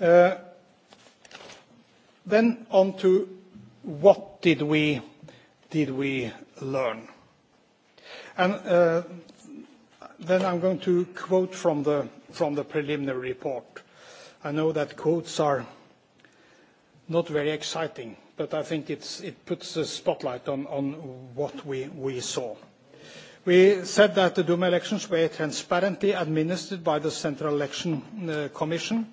Uh, on to what did we learn? Uh, I'm going to quote from the preliminary report. I know that quotes are not very exciting, but I think it puts a spotlight on what we saw. We said that the Duma elections were transparently administered by the Central Election uh, Commission,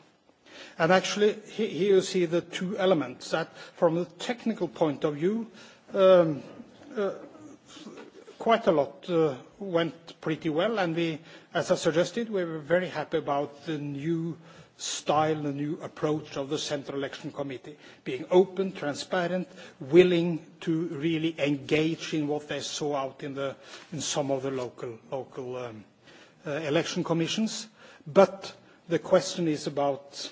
Actually, here you see the two elements that from the technical point of view, um, uh, quite a lot uh, went pretty well, and we, as I suggested, we were very happy about the new style, the new approach of the Central Election Committee, being open, transparent, willing to really engage in what they saw out in some of the local um, uh, election commissions. The question is about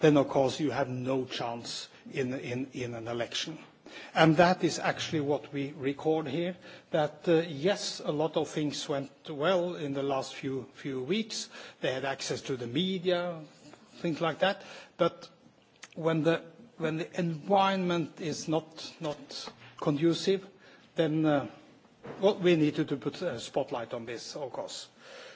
then of course you have no chance in an election. That is actually what we record here, that uh, yes, a lot of things went well in the last few weeks. They had access to the media, things like that. When the environment is not conducive, then, uh, well, we needed to put a spotlight on this, of course.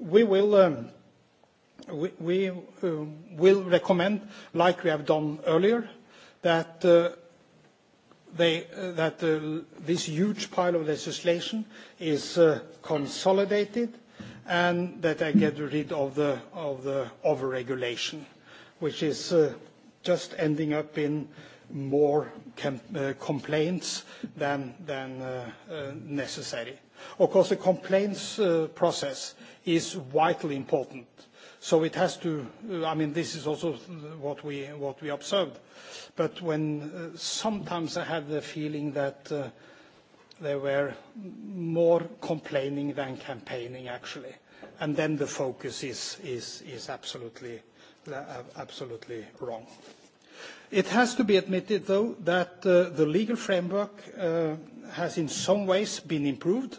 We um, uh, will recommend, like we have done earlier, that uh, uh, this huge pile of legislation is consolidated and that they get rid of the over-regulation, which is just ending up in more complaints than necessary. Of course, the complaints uh, process is vitally important. So it has to, uh, I mean, this is also what we observed. But when uh, sometimes I had the feeling that there were more complaining than campaigning, actually, and then the focus is absolutely wrong. It has to be admitted, though, that the legal framework has in some ways been improved,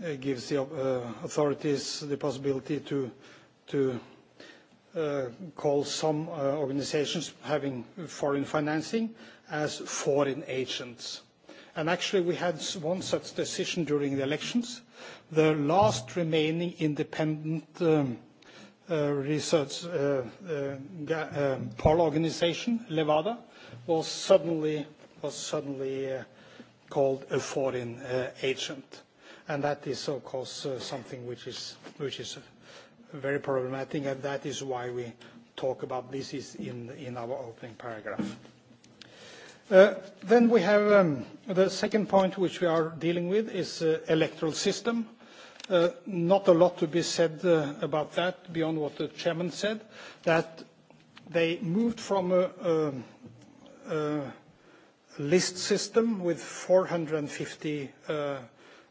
Uh, gives the uh, authorities the possibility to to uh, call some uh, organizations having foreign financing as foreign agents. And actually we had one such decision during the elections. The last remaining independent um, uh, research uh, uh, uh, poll organization, Levada, was suddenly, was suddenly uh, called a foreign uh, agent and that is, of course, uh, something which is which is uh, very problematic, and that is why we talk about this is in in our opening paragraph. Uh, then we have um, the second point which we are dealing with is electoral system. Not a lot to be said about that beyond what the chairman said, that they moved from a list system with 450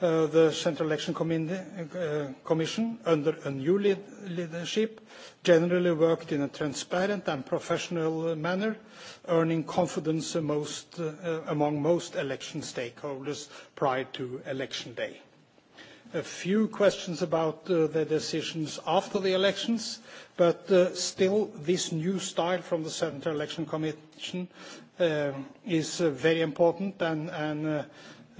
Uh, the Central Election uh, Commission, under a new leadership, generally worked in a transparent and professional manner, earning confidence most, uh, among most election stakeholders prior to election day. A few questions about uh, the decisions after the elections, but uh, still this new style from the Central Election Commission uh, is uh, very important and, and uh,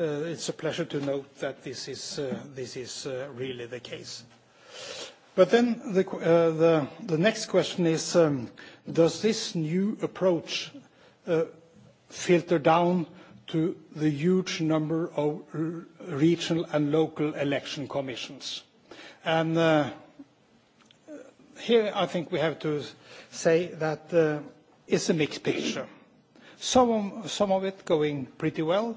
Uh, it's a pleasure to note that this is uh, uh, really the case. The next question is, um, does this new approach filter down to the huge number of regional and local election commissions? Here, I think we have to say that it's a mixed picture. Some of it going pretty well,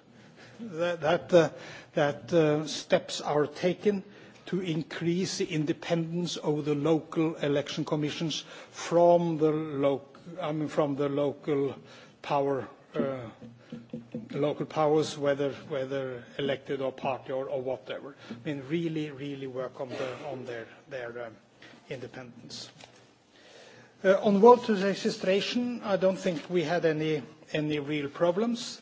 that uh, uh, steps are taken to increase the independence of the local election commissions from the uh, local powers, whether elected or party or whatever. I mean, really work on their um, independence. On voter registration, I don't think we had any real problems.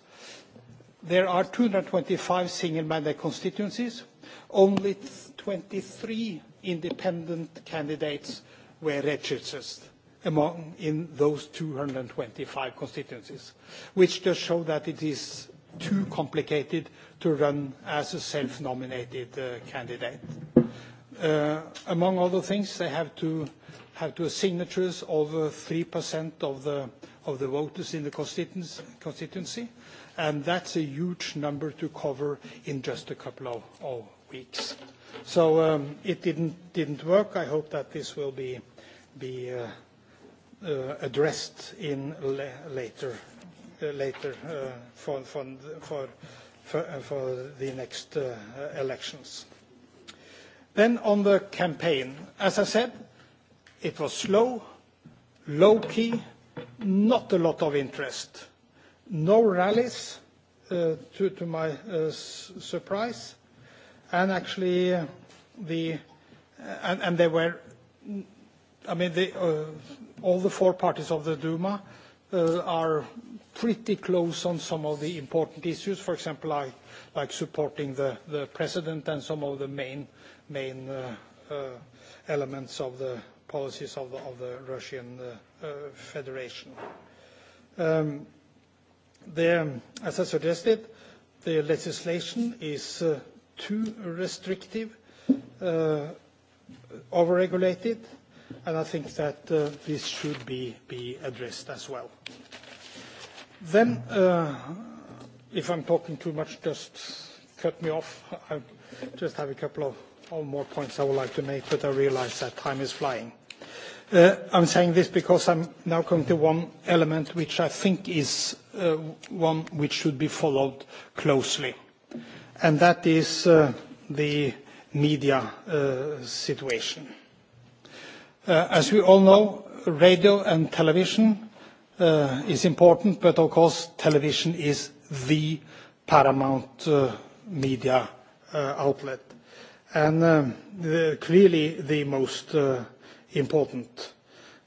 there are 225 single mandate constituencies. Only 23 independent candidates were registered among in those 225 constituencies, which does show that it is too complicated to run as a self-nominated uh, candidate. Uh, among other things, they have to have to signatures over 3% of the, of the voters in the constituency, and that's a huge number to cover in just a couple of weeks. Um, it didn't work. I hope that this will be uh, uh, addressed in later uh, for the next elections. On the campaign, as I said, it was slow, low-key, not a lot of interest no rallies uh, to my uh, surprise. Actually, uh, the... And they were, I mean, they all the four parties of the Duma are pretty close on some of the important issues. For example, I like supporting the president and some of the main elements of the policies of the Russian Federation. Um, As I suggested, the legislation is uh, too restrictive, uh, over-regulated, and I think that uh, this should be addressed as well. Then, if I'm talking too much, just cut me off. I just have a couple of more points I would like to make, but I realize that time is flying. Uh, I'm saying this because I'm now coming to one element which I think is uh, one which should be followed closely, and that is uh, the media uh, situation. Uh, as we all know, radio and television uh, is important, but of course television is the paramount uh, media uh, outlet, and uh, the, clearly the most uh, important.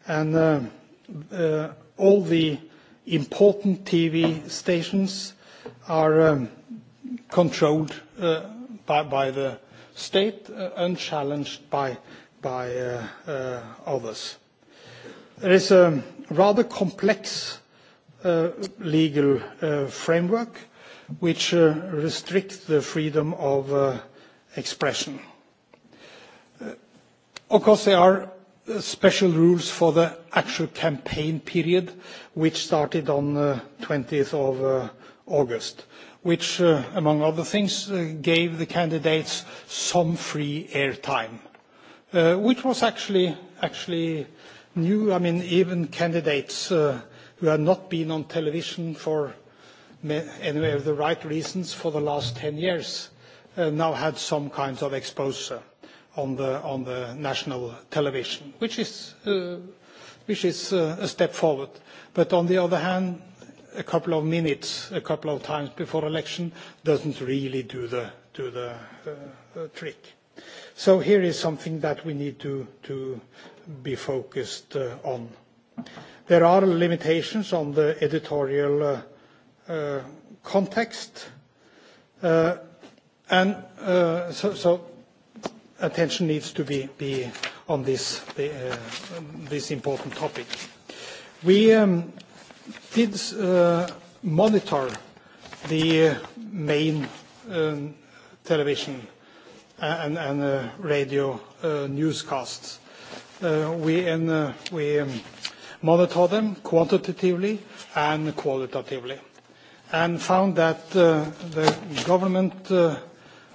And uh, uh, all the important TV stations are um, controlled uh, by, by the state, uh, unchallenged by, by uh, uh, others. There is a rather complex uh, legal uh, framework which uh, restricts the freedom of uh, expression. Uh, of course, there are special rules for the actual campaign period, which started on uh, 20th of uh, August, which, uh, among other things, uh, gave the candidates some free airtime, uh, which was actually actually new. I mean, even candidates uh, who had not been on television for anyway, the right reasons for the last 10 years uh, now had some kinds of exposure on the on the national television, which is uh, which is uh, a step forward. But on the other hand, a couple of minutes, a couple of times before election, doesn't really do the do the uh, uh, trick. So here is something that we need to to be focused uh, on. There are limitations on the editorial uh, uh, context, uh, and uh, so. so attention needs to be, be on this, the, uh, this important topic. We um, did uh, monitor the main um, television uh, and, and uh, radio uh, newscasts. Uh, we and, uh, we um, monitor them quantitatively and qualitatively and found that uh, the government uh,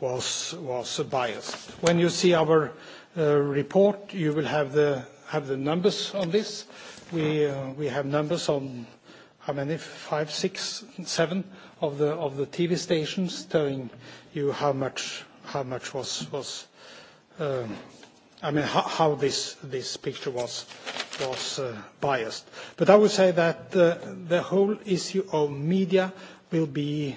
was biased. When you see our uh, report, you will have the numbers on this. Uh, we have numbers on how many? Five, six, seven of the TV stations telling you how much was, um, I mean, how this picture was uh, biased. I would say that the whole issue of media will be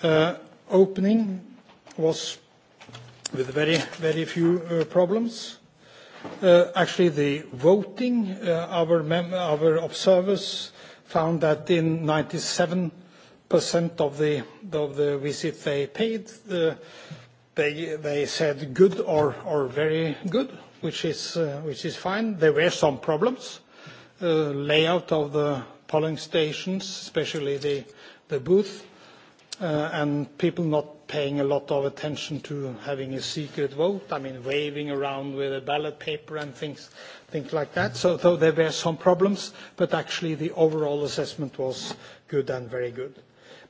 Uh, opening was with very, very few uh, problems. Uh, actually, the voting, our observers found that in 97% of the visits they paid, they said good or very good, which is fine. There were some problems. Layout of the polling stations, especially the booth, Uh, and people not paying a lot of attention to having a secret vote. I mean, waving around with a ballot paper and things, things like that. So, so there were some problems, but actually the overall assessment was good and very good.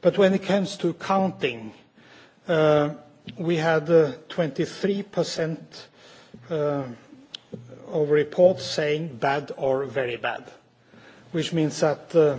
But when it comes to counting, uh, we had 23% uh, of reports saying bad or very bad, which means that the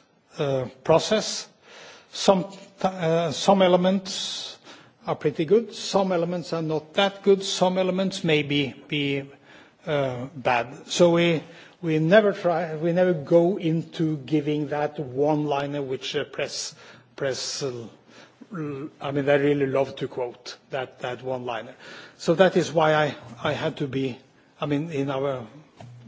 Uh, process. Uh, some elements are pretty good, some elements are not that good, some elements may be uh, bad. We never try, we never go into giving that one-liner which press, I mean, they really love to quote that one-liner. That is why I had to be, I mean, in our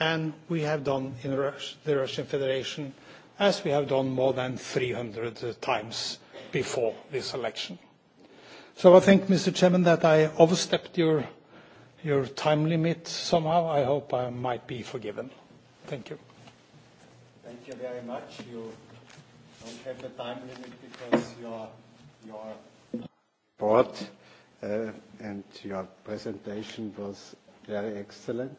and we have done in the Russian Federation, as we have done more than 300 uh, times before this election. So I think, Mr. Chairman, that I overstepped your time limit somehow. I hope I might be forgiven. Thank you. Thank you very much. You don't have a time limit because your report uh, and your presentation was very excellent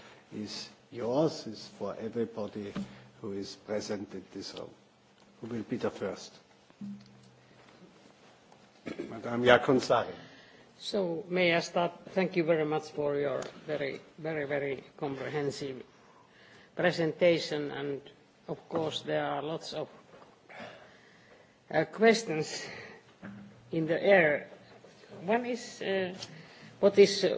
is yours, is for everybody who is present in this room. Who will be the first? Madame Jaakonsaari. So may I start? Thank you very much for your very, very, very comprehensive presentation, and of course, there are lots of uh, questions in the air. One is, uh, what is uh,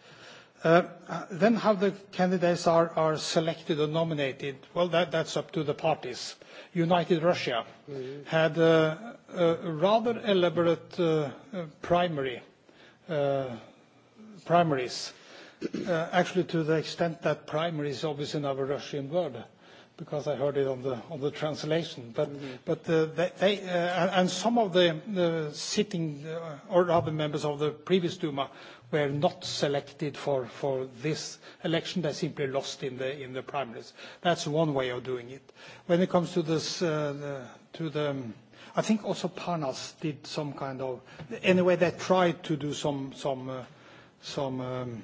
Uh, uh, how the candidates are selected or nominated, well, that's up to the parties. United Russia mm-hmm. had a rather elaborate uh, primaries, actually to the extent that primaries obviously in our Russian word, because I heard it on the translation. Some of the sitting or other members of the previous Duma were not selected for this election. They simply lost in the primaries. That's one way of doing it. When it comes to this, uh, to the... Um, I think also Parnas did some kind of... Anyway, they tried to do some uh, um,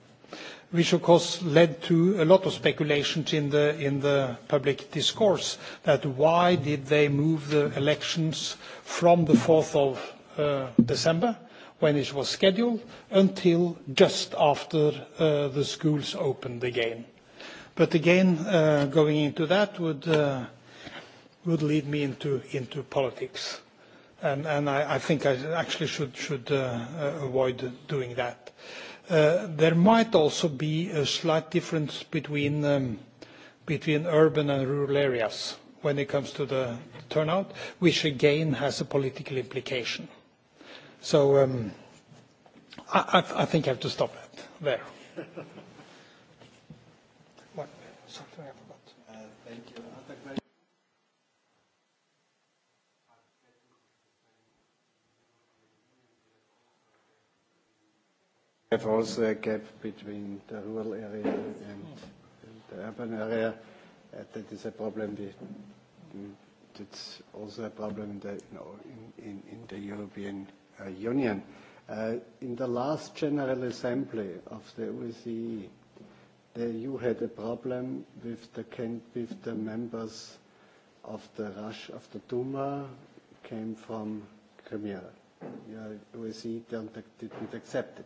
which of course led to a lot of speculations in the public discourse that why did they move the elections from the 4th of uh, December, when it was scheduled, until just after uh, the schools opened again. Again, uh, going into that would lead me into politics. I think I actually should avoid doing that. Uh, there might also be a slight difference um, between urban and rural areas when it comes to the turnout, which again has a political implication. So um, I think I have to stop it there. What? Something else. have also a gap between the rural area and the urban area. Uh, that is a problem. That's mm, also a problem in the European uh, Union. Uh, in the last General Assembly of the OSCE, e, you had a problem with the members of the Russia, of the Duma, came from Crimea. OSCE e didn't accept it.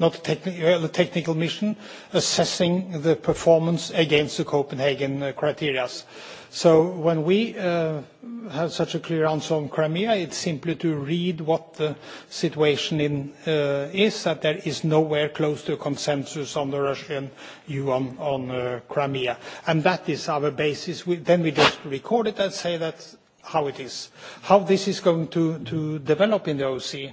not technical mission, assessing the performance against the Copenhagen uh, criteria. When we uh, have such a clear answer on Crimea, it's simply to read what the situation uh, is, that there is nowhere close to a consensus on the Russian view on Crimea. That is our basis. We just record it and say that's how it is. How this is going to develop in the OSCE,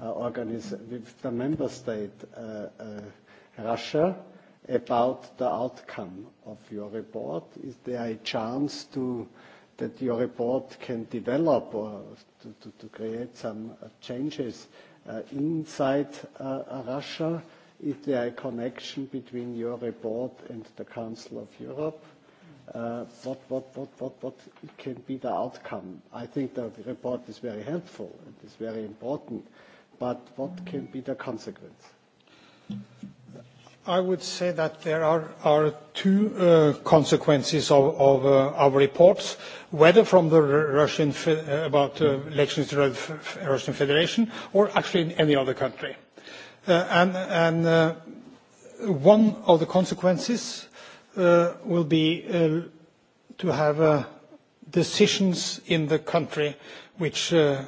uh, organiz- with the member state uh, uh, Russia about the outcome of your report? Is there a chance to, that your report can develop or to, to, to create some uh, changes uh, inside uh, Russia? Is there a connection between your report and the Council of Europe? Uh, what, what, what, what, what can be the outcome? I think the report is very helpful. It is very important. Uh, but what can be the consequence? I would say that there are, are two uh, consequences of, of uh, our reports, whether from the R- Russian fe- uh, about uh, elections to the F- Russian Federation or actually in any other country. Uh, and and uh, one of the consequences uh, will be uh, to have uh, decisions in the country which uh,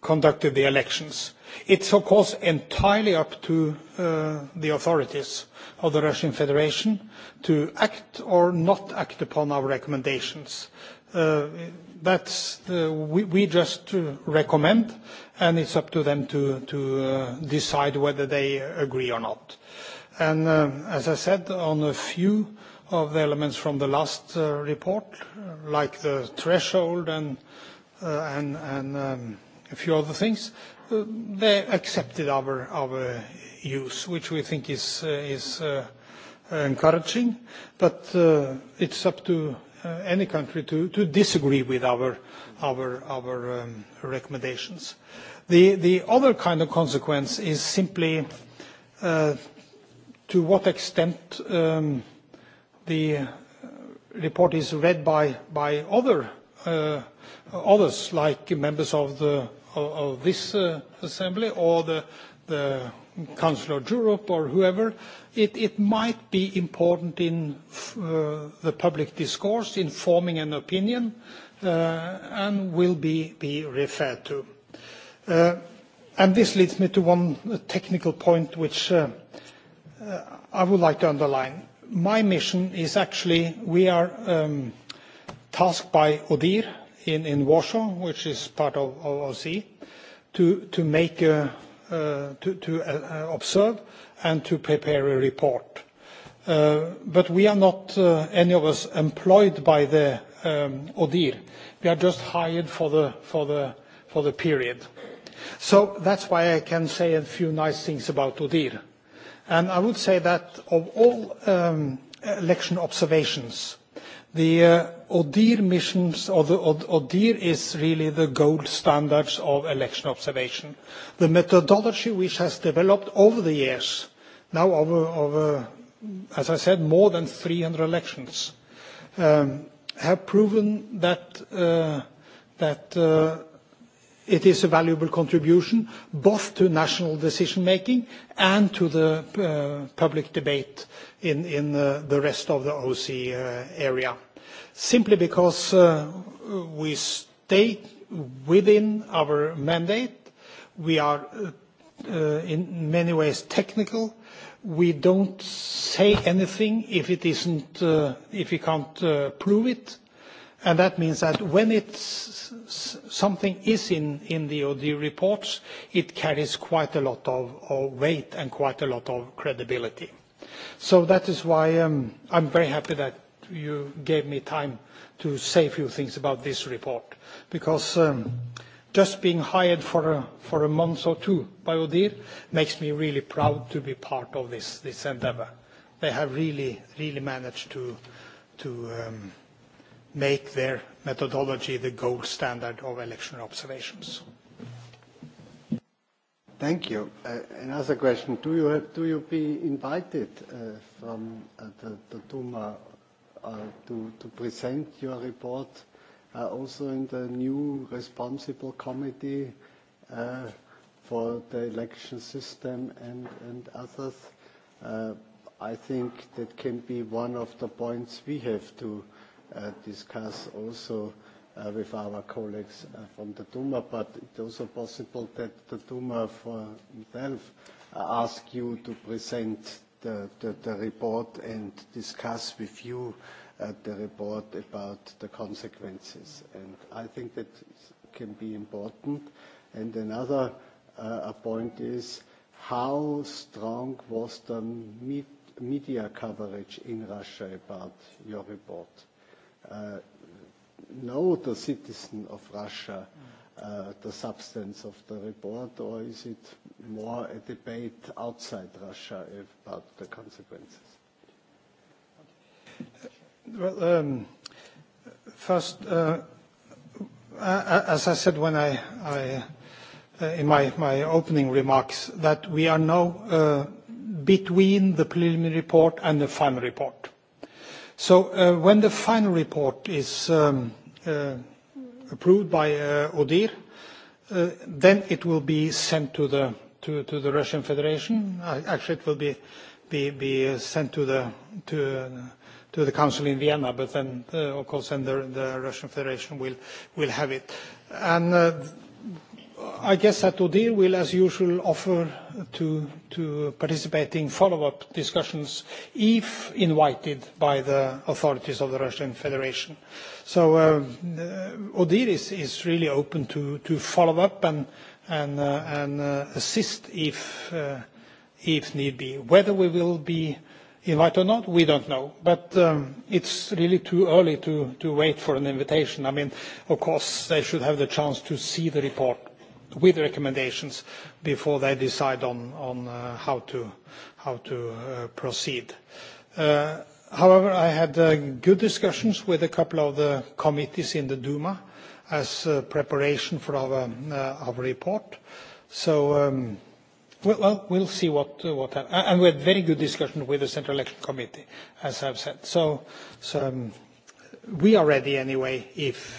conducted the elections. Uh, It's of course entirely up to uh, the authorities of the Russian Federation to act or not act upon our recommendations. Uh, that's the, we, we just recommend, and it's up to them to, to uh, decide whether they agree or not. And um, as I said, on a few of the elements from the last uh, report, like the threshold and uh, and and. Um, a few other things. Uh, they accepted our use, which we think is uh, uh, encouraging. It's up to any country to disagree with our um, recommendations. The other kind of consequence is simply to what extent um, the report is read by others, like members of the of this uh, assembly or the the council of europe or whoever it it might be important in f uh, the public discourse in forming an opinion uh, and will be be referred to uh, and this leads me to one technical point which uh, uh, i would like to underline my mission is actually we are um, tasked by odir in Warsaw, which is part of OSCE, to uh, uh, uh, observe and to prepare a report. We are not, any of us, employed by the um, ODIHR. We are just hired for the period. That's why I can say a few nice things about ODIHR. I would say that of all um, election observations, the ODIHR missions, ODIHR is really the gold standards of election observation. The methodology which has developed over the years, now over, as I said, more than 300 elections, um, have proven that uh, uh, it is a valuable contribution both to national decision-making and to the uh, public debate in the rest of the OSCE area simply because uh, we stay within our mandate. We are uh, uh, in many ways technical. We don't say anything if it isn't if we can't prove it. That means that when something is in the OD reports, it carries quite a lot of weight and quite a lot of credibility. That is why um, I'm very happy that you gave me time to say a few things about this report. Because um, just being hired for a, for a month or two by Odir makes me really proud to be part of this, this endeavor. They have really, really managed to, to um, make their methodology the gold standard of election observations. Thank you. Uh, another question. Do you, have, do you be invited uh, from uh, the, the Duma Uh, to present your report uh, also in the new responsible committee uh, for the election system and others. I think that can be one of the points we have to discuss also with our colleagues from the Duma. But it's also possible that the Duma for itself ask you to present the report and discuss with you uh, the report about the consequences. And I think that can be important. And another uh, point is, how strong was the media coverage in Russia about your report? No, the citizen of Russia- Mm. Uh, the substance of the report, or is it more a debate outside Russia about the consequences? Well, um, first, uh, as I said when I uh, in my opening remarks, that we are now between the preliminary report and the final report. So, when the final report is um, approved by uh, ODIHR, uh, then it will be sent to the to to the Russian Federation. Uh, actually, it will be be be sent to the to to the Council in Vienna. But then, uh, of course, then the the Russian Federation will will have it. And uh, I guess that Odile will, as usual, offer to, to participate in follow-up discussions if invited by the authorities of the Russian Federation. So uh, Odile is, is really open to, to follow up and, and, uh, and uh, assist if, uh, if need be. Whether we will be invited or not, we don't know. But um, it's really too early to, to wait for an invitation. I mean, of course, they should have the chance to see the report with recommendations before they decide on uh, how to uh, proceed. Uh, however, I had good discussions with a couple of the committees in the Duma as preparation for our report. Um, well, we'll see what happens. We had very good discussion with the Central Election Committee, as I've said. Um, we are ready anyway if